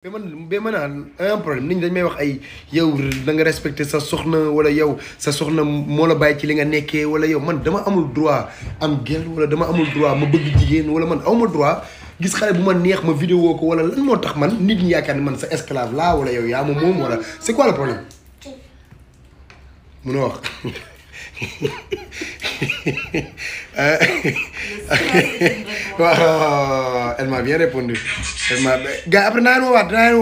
ba man ba man a un problème nit ñi dañ may wax ay yow da nga respecté sa soxna wala yow sa soxna moo la bàyyi ci li nga nekkee wala yow man dama amul droit am gel wala dama amul droit ma bëgg jigéen wala man awma droit gis xale bu ma neex ma vidéo ko wala lan moo tax man nit ñi yaakaar ne man sa esclave la wala yow yaa ma moom wala c'est quoi le problème mun a wax waaw waaw waaw elle m'a bien répondu elle m'a gars après naa leen woowaat dinaa leen woo